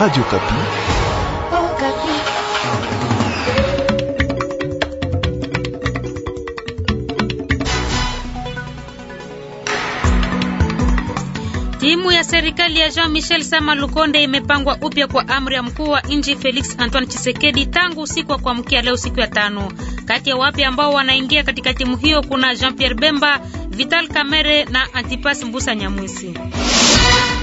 Radio Kapi. Oh, Kapi. Timu ya serikali ya Jean-Michel Sama Lukonde imepangwa upya kwa amri ya mkuu wa nchi Felix Antoine Tshisekedi tangu usiku wa kuamkia leo siku ya tano. Kati ya wapya ambao wanaingia katika timu hiyo kuna Jean-Pierre Bemba, Vital Kamere na Antipas Mbusa Nyamwisi.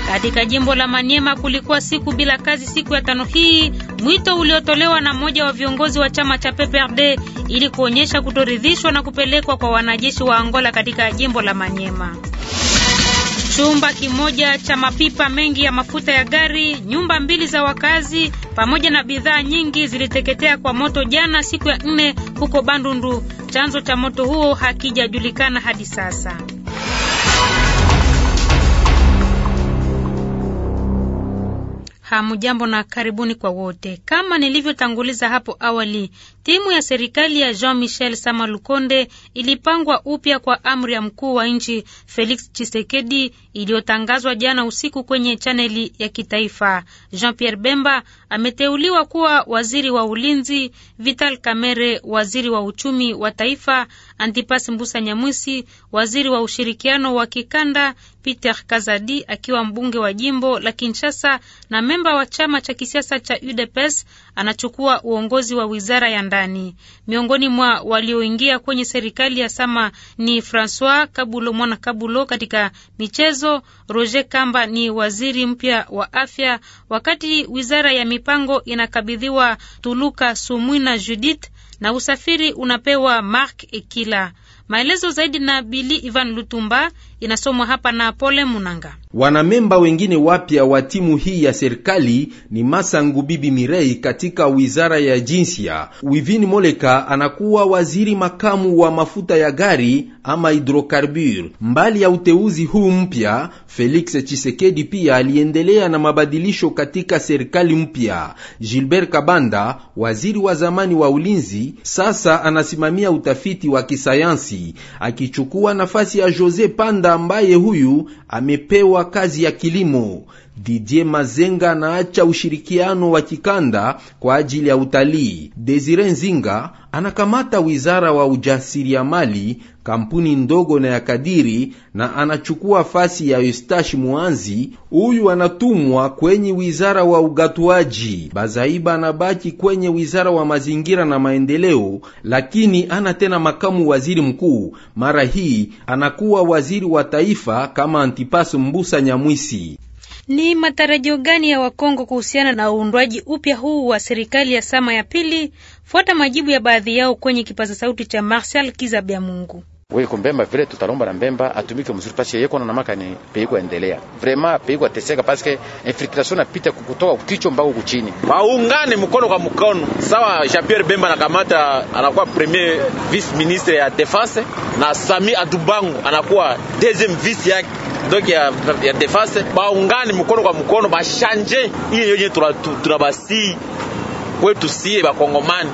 Katika jimbo la Maniema kulikuwa siku bila kazi siku ya tano hii, mwito uliotolewa na mmoja wa viongozi wa chama cha PPRD ili kuonyesha kutoridhishwa na kupelekwa kwa wanajeshi wa Angola katika jimbo la Maniema. Chumba kimoja cha mapipa mengi ya mafuta ya gari, nyumba mbili za wakazi pamoja na bidhaa nyingi ziliteketea kwa moto jana siku ya nne huko Bandundu. Chanzo cha moto huo hakijajulikana hadi sasa. Hamujambo na karibuni kwa wote. Kama nilivyotanguliza hapo awali, timu ya serikali ya Jean-Michel Sama Lukonde ilipangwa upya kwa amri ya mkuu wa nchi Felix Tshisekedi iliyotangazwa jana usiku kwenye chaneli ya kitaifa. Jean-Pierre Bemba ameteuliwa kuwa waziri wa ulinzi, Vital Kamerhe waziri wa uchumi wa taifa Antipas Mbusa Nyamwisi, waziri wa ushirikiano wa kikanda, Peter Kazadi akiwa mbunge wa jimbo la Kinshasa na memba wa chama cha kisiasa cha UDPS anachukua uongozi wa wizara ya ndani. Miongoni mwa walioingia kwenye serikali ya Sama ni Francois Kabulo Mwana Kabulo katika michezo, Roger Kamba ni waziri mpya wa afya, wakati wizara ya mipango inakabidhiwa Tuluka Sumwina Judith na usafiri unapewa Mark Ekila. Maelezo zaidi na Bili Ivan Lutumba, inasomwa hapa na Pole Munanga. Wanamemba wengine wapya wa timu hii ya serikali ni Masangu Bibi Mirei katika wizara ya jinsia. Wivin Moleka anakuwa waziri makamu wa mafuta ya gari ama hidrokarbure. Mbali ya uteuzi huu mpya, Felix chisekedi pia aliendelea na mabadilisho katika serikali mpya. Gilbert Kabanda, waziri wa zamani wa ulinzi, sasa anasimamia utafiti wa kisayansi akichukua nafasi ya Jose Panda ambaye huyu amepewa kazi ya kilimo Didier Mazenga anaacha ushirikiano wa kikanda kwa ajili ya utalii. Desire Nzinga anakamata wizara wa ujasiriamali, kampuni ndogo na ya kadiri, na anachukua fasi ya Eustache Muanzi. Huyu anatumwa kwenye wizara wa ugatuaji. Bazaiba anabaki kwenye wizara wa mazingira na maendeleo, lakini ana tena makamu waziri mkuu. Mara hii anakuwa waziri wa taifa kama Antipas Mbusa Nyamwisi. Ni matarajio gani ya Wakongo kuhusiana na uundwaji upya huu wa serikali ya Sama ya pili? Fuata majibu ya baadhi yao kwenye kipaza sauti cha Marshal Kizabya Mungu. Weko mbemba vile tutalomba na mbemba atumike mzuri pasi yeko na namaka ni peiko endelea. Vraiment peiko ateseka paske infiltration apita kukutoka kichwa mbao kuchini. Waungane mkono kwa mkono. Sawa Jean Pierre Bemba anakamata anakuwa premier vice ministre ya defense na Sami Adubangu anakuwa deuxième vice yake donc ya, ya defense baungane mkono kwa mkono bashanje ile yenye tunabasi kwetu sie bakongomani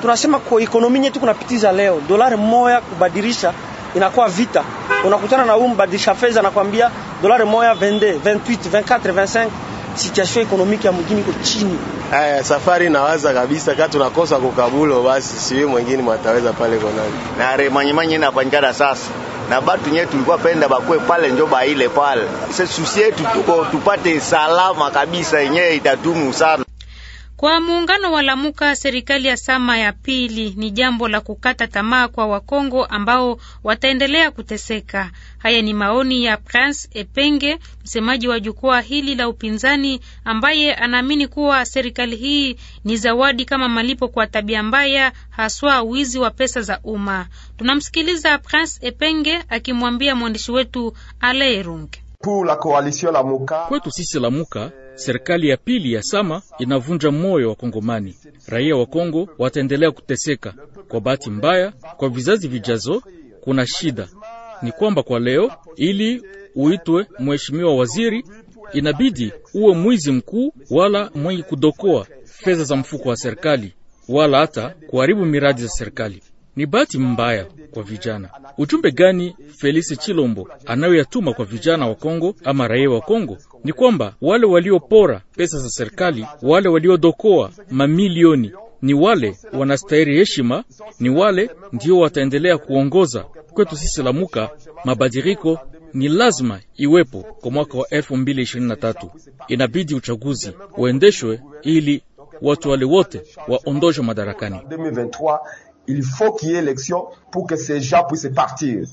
tunasema kwa ekonomi yetu kunapitiza leo dolari moya kubadilisha inakuwa vita. Unakutana na huyu mbadilisha fedha anakwambia dolari moya vende 28 24 25, situation ekonomiki ya mjini iko chini aya safari nawaza kabisa kati tunakosa kukabulo, basi siwe mwingine mwataweza pale konani na remanyemanye inafanyikana sasa na batu nye tulikuwa penda bakwe pale njo baile pale. Sisi yetu tuko tupate salama kabisa yenyewe itatumu sana. Kwa muungano wa Lamuka, serikali ya Sama ya pili ni jambo la kukata tamaa kwa Wakongo ambao wataendelea kuteseka. Haya ni maoni ya Prince Epenge, msemaji wa jukwaa hili la upinzani, ambaye anaamini kuwa serikali hii ni zawadi kama malipo kwa tabia mbaya, haswa wizi wa pesa za umma. Tunamsikiliza Prince Epenge akimwambia mwandishi wetu Alairung. Kwetu sisi Lamuka Serikali ya pili ya Sama inavunja moyo wa Kongomani. Raia wa Kongo wataendelea kuteseka. Kwa bahati mbaya, kwa vizazi vijazo, kuna shida ni kwamba kwa leo, ili uitwe mheshimiwa waziri, inabidi uwe mwizi mkuu wala mwenye kudokoa fedha za mfuko wa serikali wala hata kuharibu miradi za serikali. Ni bahati mbaya kwa vijana. Ujumbe gani Felisi Chilombo anayoyatuma kwa vijana wa Kongo ama raia wa Kongo ni kwamba wale waliopora pesa za serikali, wale waliodokoa mamilioni, ni wale wanastahili heshima, ni wale ndio wataendelea kuongoza. Kwetu sisi Lamuka, mabadiriko ni lazima iwepo kwa mwaka wa 2023. Inabidi uchaguzi uendeshwe ili watu wale wote waondoshwe madarakani il faut qu'il y ait élection pour que ces gens puissent partir.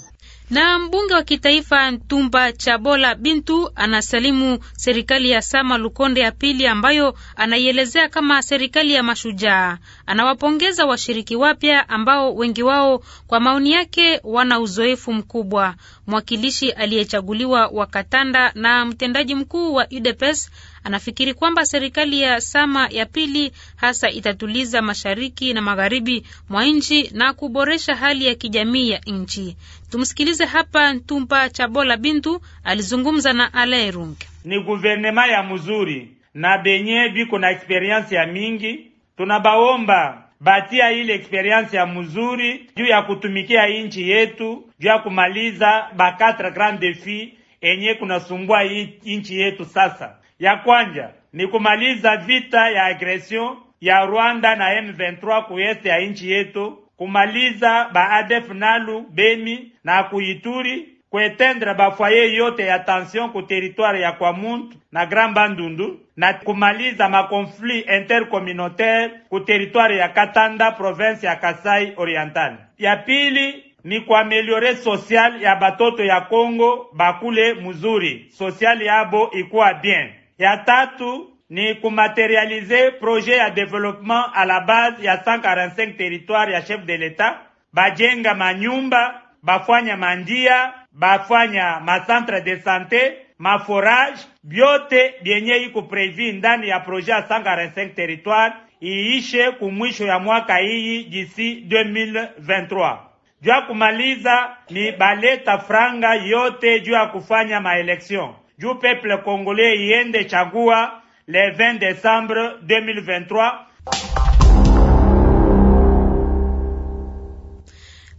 Na mbunge wa kitaifa Ntumba Chabola Bintu anasalimu serikali ya Sama Lukonde ya pili ambayo anaielezea kama serikali ya mashujaa. Anawapongeza washiriki wapya ambao wengi wao kwa maoni yake wana uzoefu mkubwa. Mwakilishi aliyechaguliwa wa Katanda na mtendaji mkuu wa UDPS Anafikiri kwamba serikali ya Sama ya pili hasa itatuliza mashariki na magharibi mwa nchi na kuboresha hali ya kijamii ya nchi. Tumsikilize hapa. Ntumba Chabola Bintu alizungumza na Alairung. Ni guvernema ya mzuri na benye biko na eksperiensi ya mingi, tunabaomba batia ile eksperiensi ya mzuri juu ya kutumikia inchi yetu, juu ya kumaliza ba quatre grand defi enye kunasumbua inchi yetu sasa ya kwanja ni kumaliza vita ya agresion ya Rwanda na M23 kuweste ya nchi yetu, kumaliza baadef nalu Beni na kuituri kuetendre bafoye yote ya tension ku territoire ya Kwamuntu na Grand Bandundu na kumaliza makonflit intercommunautaire ku territoire ya Katanda province ya Kasai Oriental. Ya pili ni kuameliore social ya batoto ya Kongo bakule muzuri, social yabo ikuwa bien Ya tatu ni kumaterialize projet ya development à la base ya 145 territoire ya chef de l'État, bajenga manyumba, bafanya mandia, bafanya macentre de santé, maforage, byote byenye iko previ ndani ya projet ya 145 territoires iishe kumwisho ya mwaka hii jisi 2023. Juu ya kumaliza ni baleta franga yote juu ya ma élection. du peuple congolais Yende Chagua le 20 décembre 2023.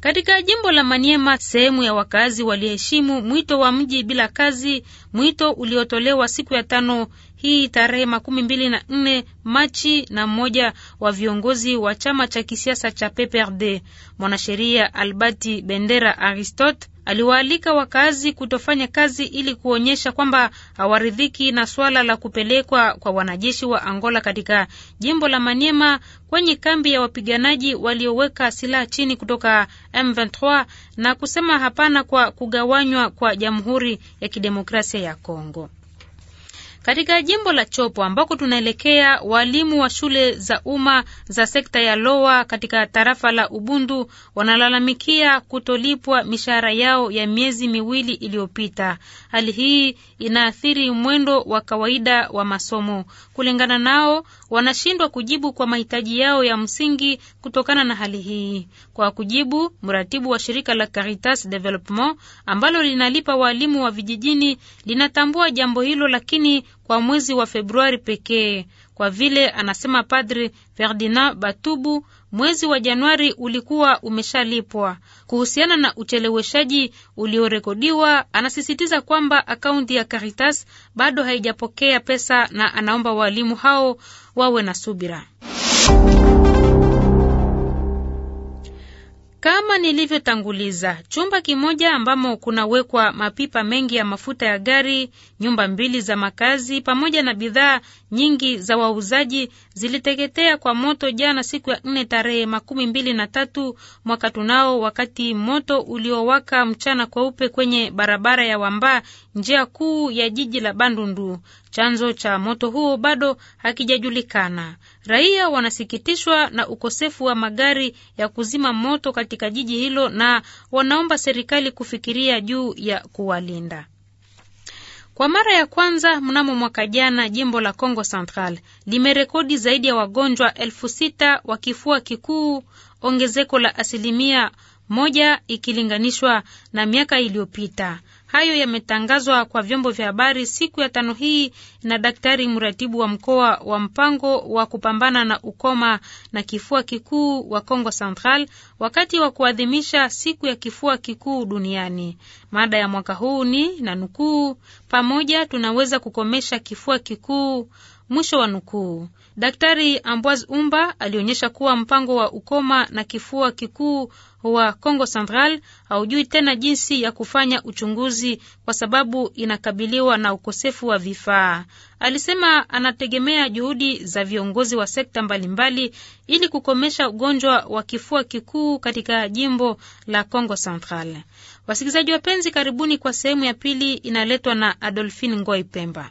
Katika jimbo la Maniema, sehemu ya wakazi waliheshimu mwito wa mji bila kazi, mwito uliotolewa siku ya tano hii tarehe makumi mbili na nne Machi na mmoja wa viongozi wa chama cha kisiasa cha PPRD, mwanasheria Albati Bendera Aristote aliwaalika wakazi kutofanya kazi ili kuonyesha kwamba hawaridhiki na swala la kupelekwa kwa wanajeshi wa Angola katika jimbo la Maniema kwenye kambi ya wapiganaji walioweka silaha chini kutoka M23 na kusema hapana kwa kugawanywa kwa Jamhuri ya Kidemokrasia ya Kongo. Katika jimbo la Chopo ambako tunaelekea, walimu wa shule za umma za sekta ya Loa katika tarafa la Ubundu wanalalamikia kutolipwa mishahara yao ya miezi miwili iliyopita. Hali hii inaathiri mwendo wa kawaida wa masomo kulingana nao wanashindwa kujibu kwa mahitaji yao ya msingi kutokana na hali hii. Kwa kujibu, mratibu wa shirika la Caritas Development ambalo linalipa waalimu wa vijijini linatambua jambo hilo, lakini kwa mwezi wa Februari pekee, kwa vile anasema Padri Ferdinand Batubu mwezi wa Januari ulikuwa umeshalipwa. Kuhusiana na ucheleweshaji uliorekodiwa, anasisitiza kwamba akaunti ya Caritas bado haijapokea pesa na anaomba waalimu hao wawe na subira. Kama nilivyotanguliza, chumba kimoja ambamo kunawekwa mapipa mengi ya mafuta ya gari, nyumba mbili za makazi pamoja na bidhaa nyingi za wauzaji ziliteketea kwa moto jana siku ya nne tarehe makumi mbili na tatu mwaka tunao, wakati moto uliowaka mchana kweupe kwenye barabara ya Wamba, njia kuu ya jiji la Bandundu. Chanzo cha moto huo bado hakijajulikana. Raia wanasikitishwa na ukosefu wa magari ya kuzima moto katika jiji hilo na wanaomba serikali kufikiria juu ya kuwalinda. Kwa mara ya kwanza mnamo mwaka jana, jimbo la Congo Central limerekodi zaidi ya wagonjwa elfu sita wa kifua kikuu, ongezeko la asilimia moja ikilinganishwa na miaka iliyopita. Hayo yametangazwa kwa vyombo vya habari siku ya tano hii na daktari mratibu wa mkoa wa mpango wa kupambana na ukoma na kifua kikuu wa congo Central wakati wa kuadhimisha siku ya kifua kikuu duniani. Mada ya mwaka huu ni na nukuu, pamoja tunaweza kukomesha kifua kikuu, mwisho wa nukuu. Daktari ambois Umba alionyesha kuwa mpango wa ukoma na kifua kikuu wa Congo Central haujui tena jinsi ya kufanya uchunguzi kwa sababu inakabiliwa na ukosefu wa vifaa. Alisema anategemea juhudi za viongozi wa sekta mbalimbali ili kukomesha ugonjwa wa kifua kikuu katika jimbo la Congo Central. Wasikilizaji wapenzi, karibuni kwa sehemu ya pili inaletwa na Adolphine Ngoy Pemba.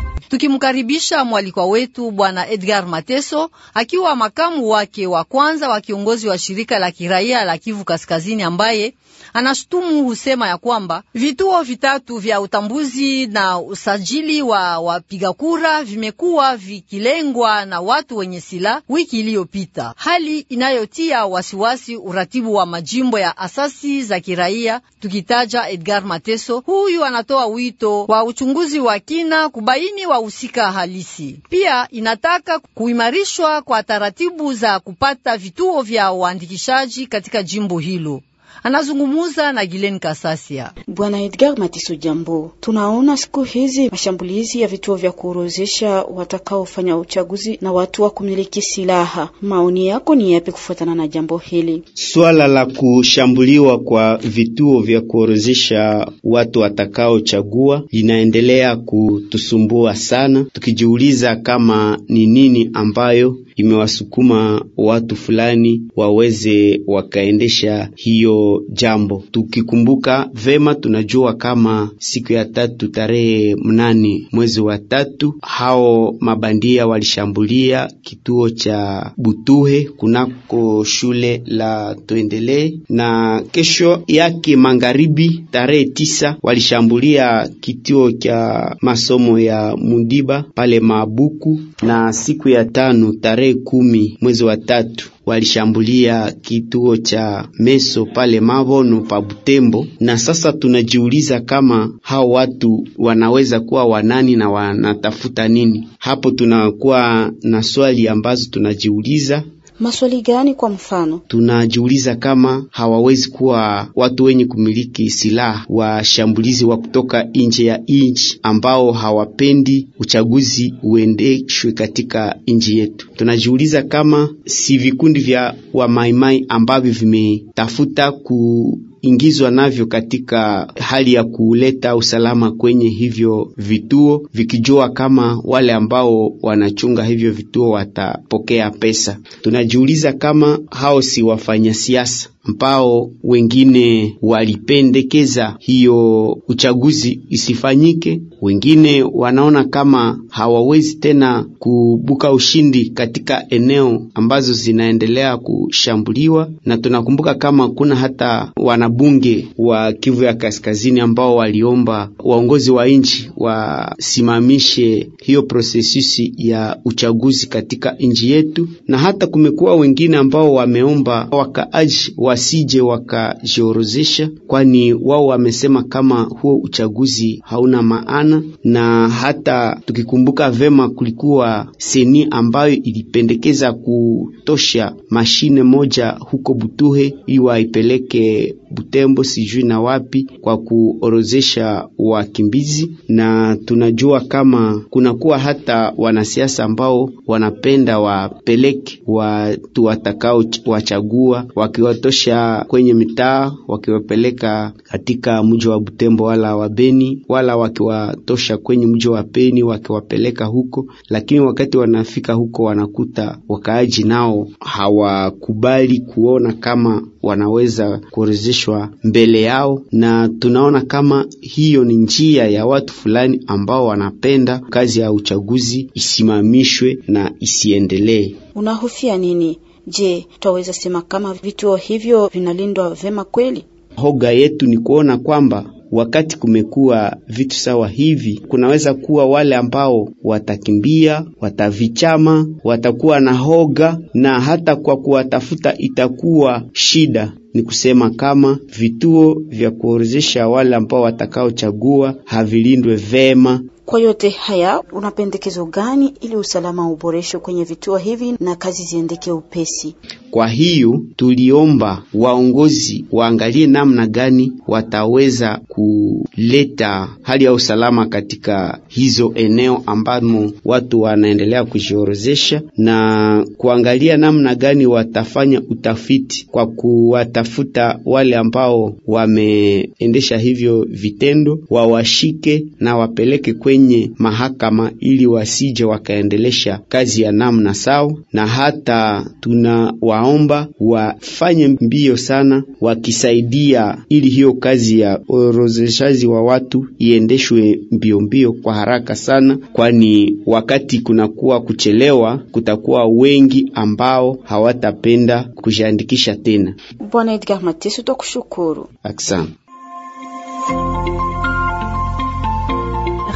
tukimkaribisha mwalikwa wetu Bwana Edgar Mateso akiwa makamu wake wa kwanza wa kiongozi wa shirika la kiraia la Kivu Kaskazini, ambaye anashutumu husema ya kwamba vituo vitatu vya utambuzi na usajili wa wapiga kura vimekuwa vikilengwa na watu wenye silaha wiki iliyopita, hali inayotia wasiwasi uratibu wa majimbo ya asasi za kiraia. Tukitaja Edgar Mateso, huyu anatoa wito wa uchunguzi wa kina kubaini wa wahusika halisi. Pia inataka kuimarishwa kwa taratibu za kupata vituo vya uandikishaji katika jimbo hilo anazungumuza na Gilen Kasasia. Bwana Edgar Matiso, jambo. Tunaona siku hizi mashambulizi ya vituo vya kuorozesha watakaofanya uchaguzi na watu wa kumiliki silaha. Maoni yako ni yapi kufuatana na jambo hili? Swala la kushambuliwa kwa vituo vya kuorozesha watu watakaochagua linaendelea kutusumbua sana, tukijiuliza kama ni nini ambayo imewasukuma watu fulani waweze wakaendesha hiyo jambo. Tukikumbuka vema, tunajua kama siku ya tatu tarehe mnane mwezi wa tatu hao mabandia walishambulia kituo cha Butuhe kunako shule la Tuendelee, na kesho yake magharibi tarehe tisa walishambulia kituo cha masomo ya Mundiba pale Mabuku, na siku ya tano tarehe tarehe kumi mwezi wa tatu walishambulia kituo cha Meso pale Mabono pa Butembo, na sasa tunajiuliza kama hao watu wanaweza kuwa wanani na wanatafuta nini hapo. Tunakuwa na swali ambazo tunajiuliza Maswali gani? Kwa mfano, tunajiuliza kama hawawezi kuwa watu wenye kumiliki silaha washambulizi wa kutoka nje ya nchi ambao hawapendi uchaguzi uendeshwe katika nchi yetu. Tunajiuliza kama si vikundi vya wamaimai ambavyo vimetafuta ku ingizwa navyo katika hali ya kuleta usalama kwenye hivyo vituo, vikijua kama wale ambao wanachunga hivyo vituo watapokea pesa. Tunajiuliza kama hao si wafanya siasa mpao wengine walipendekeza hiyo uchaguzi isifanyike, wengine wanaona kama hawawezi tena kubuka ushindi katika eneo ambazo zinaendelea kushambuliwa, na tunakumbuka kama kuna hata wanabunge wa Kivu ya Kaskazini ambao waliomba waongozi wa nchi wasimamishe hiyo prosesusi ya uchaguzi katika nchi yetu, na hata kumekuwa wengine ambao wameomba wakaaji wa wasije wakajiorozesha kwani wao wamesema kama huo uchaguzi hauna maana, na hata tukikumbuka vema, kulikuwa seni ambayo ilipendekeza kutosha mashine moja huko Butuhe iwaipeleke Butembo, sijui na wapi, kwa kuorozesha wakimbizi, na tunajua kama kunakuwa hata wanasiasa ambao wanapenda wapeleke watu watakao wachagua, wakiwatosha kwenye mitaa, wakiwapeleka katika mji wa Butembo wala wa Beni, wala wakiwatosha kwenye mji wa Beni wakiwapeleka huko, lakini wakati wanafika huko wanakuta wakaaji nao hawakubali kuona kama wanaweza kuorozesha kuonyeshwa mbele yao, na tunaona kama hiyo ni njia ya watu fulani ambao wanapenda kazi ya uchaguzi isimamishwe na isiendelee. Unahofia nini? Je, twaweza sema kama vituo hivyo vinalindwa vema kweli? Hoga yetu ni kuona kwamba wakati kumekuwa vitu sawa hivi, kunaweza kuwa wale ambao watakimbia, watavichama, watakuwa na hoga, na hata kwa kuwatafuta itakuwa shida ni kusema kama vituo vya kuorozesha wale ambao watakaochagua havilindwe vema kwa yote haya, una pendekezo gani ili usalama uboreshwe kwenye vituo hivi na kazi ziendeke upesi? Kwa hiyo tuliomba waongozi waangalie namna gani wataweza kuleta hali ya usalama katika hizo eneo ambamo watu wanaendelea kujiorozesha na kuangalia namna gani watafanya utafiti kwa kuwatafuta wale ambao wameendesha hivyo vitendo, wawashike na wapeleke kwe kwenye mahakama ili wasije wakaendelesha kazi ya namna sawa, na hata tunawaomba wafanye mbio sana wakisaidia ili hiyo kazi ya orozeshaji wa watu iendeshwe mbio mbio kwa haraka sana, kwani wakati kunakuwa kuchelewa, kutakuwa wengi ambao hawatapenda kujiandikisha tena. Bwana Edgar Mateso, tukushukuru. Asante.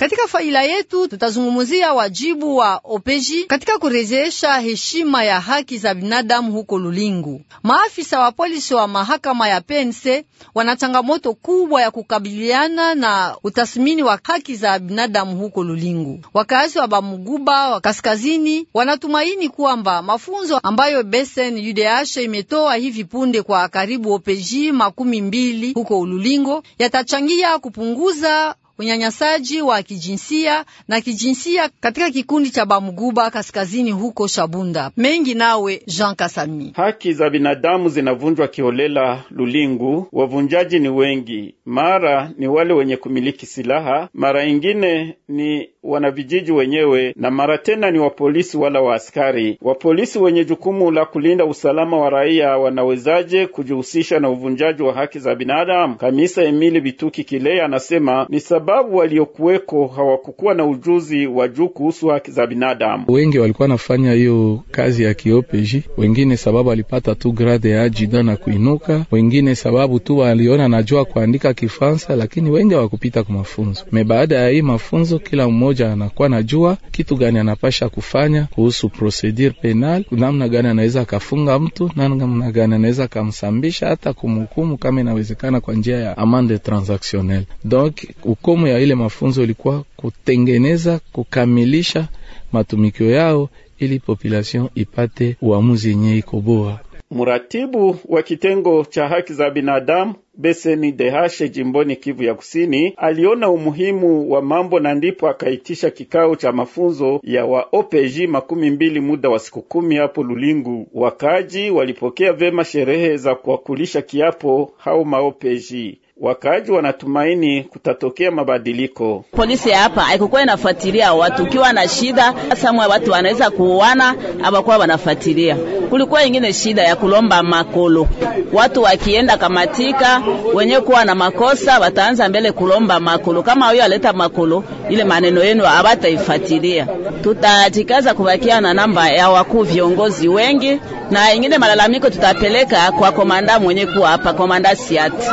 Katika faila yetu tutazungumzia wajibu wa OPEJI katika kurejesha heshima ya haki za binadamu huko Lulingu. Maafisa wa polisi wa mahakama ya Pense wana changamoto kubwa ya kukabiliana na utathmini wa haki za binadamu huko Lulingu. Wakazi wa Bamuguba wa kaskazini wanatumaini kwamba mafunzo ambayo Besen UDH imetoa hivi punde kwa karibu OPEJI makumi mbili huko Lulingo yatachangia kupunguza unyanyasaji wa kijinsia na kijinsia katika kikundi cha Bamuguba kaskazini huko Shabunda. Mengi nawe Jean Kasami. Haki za binadamu zinavunjwa kiholela Lulingu. Wavunjaji ni wengi, mara ni wale wenye kumiliki silaha, mara ingine ni wanavijiji wenyewe, na mara tena ni wapolisi wala waaskari. Wapolisi wenye jukumu la kulinda usalama wa raia wanawezaje kujihusisha na uvunjaji wa haki za binadamu? Kamisa Emili Bituki kilea anasema ni sababu waliokuweko hawakukuwa na ujuzi wa juu kuhusu haki za binadamu. Wengi walikuwa nafanya hiyo kazi ya kiopeji, wengine sababu walipata tu grade ya jida na kuinuka, wengine sababu tu waliona najua kuandika Kifaransa, lakini wengi hawakupita kwa mafunzo me. Baada ya hii mafunzo, kila mmoja mmoja anakuwa najua kitu gani anapasha kufanya kuhusu procedure penal, namna gani anaweza akafunga mtu, namna gani anaweza akamsambisha, hata kumhukumu kama inawezekana kwa njia ya amande transactionnel. Donc ukomo ya ile mafunzo ilikuwa kutengeneza, kukamilisha matumikio yao ili population ipate uamuzi yenye iko bora. Mratibu wa kitengo cha haki za binadamu Beseni Dehashe jimboni Kivu ya Kusini aliona umuhimu wa mambo na ndipo akaitisha kikao cha mafunzo ya wa OPJ makumi mbili muda wa siku kumi hapo Lulingu. Wakaji walipokea vema sherehe za kuwakulisha kiapo hao maopeji Wakaaji wanatumaini kutatokea mabadiliko. Polisi hapa haikukuwa inafuatilia watu, ukiwa na shida samwa watu wanaweza kuuana, abakuwa wanafuatilia. Kulikuwa ingine shida ya kulomba makolo, watu wakienda kamatika wenye kuwa na makosa wataanza mbele kulomba makolo. Kama huyo aleta makolo, ile maneno yenu abataifuatilia. Tutajikaza kubakia na namba ya wakuu viongozi wengi, na ingine malalamiko tutapeleka kwa komanda mwenye kuwa hapa, komanda Siati.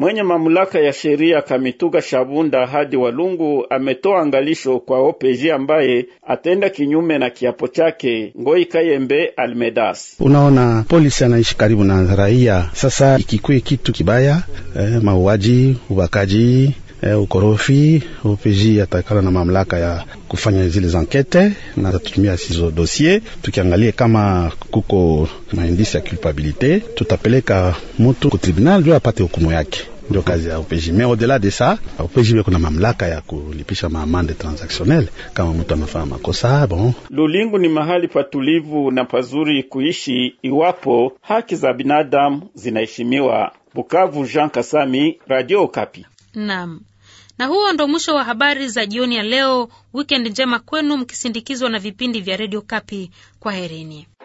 Mwenye mamlaka ya sheria Kamituga Shabunda hadi Walungu ametoa angalisho kwa OPG ambaye atenda kinyume na kiapo chake. Ngoi Kayembe Almedas: unaona polisi anaishi karibu na raia, sasa ikikwe kitu kibaya eh, mauaji, ubakaji eh, ukorofi, OPG atakala na mamlaka ya kufanya zile zankete na tutumia sizo dosie. Tukiangalie kama kuko maindisi ya culpabilite, tutapeleka mutu ku tribunal juu apate hukumu yake ndio kazi ya OPJ. Mais au-delà de ça, OPJ iko mamlaka ya kulipisha maamande transactionnel kama mtu anafaa makosa. Bon, Lulingu ni mahali patulivu na pazuri kuishi iwapo haki za binadamu zinaheshimiwa. Bukavu, Jean Kasami, Radio Kapi. Naam. Na huo ndo mwisho wa habari za jioni ya leo. Weekend njema kwenu mkisindikizwa na vipindi vya Radio Kapi. Kwaherini.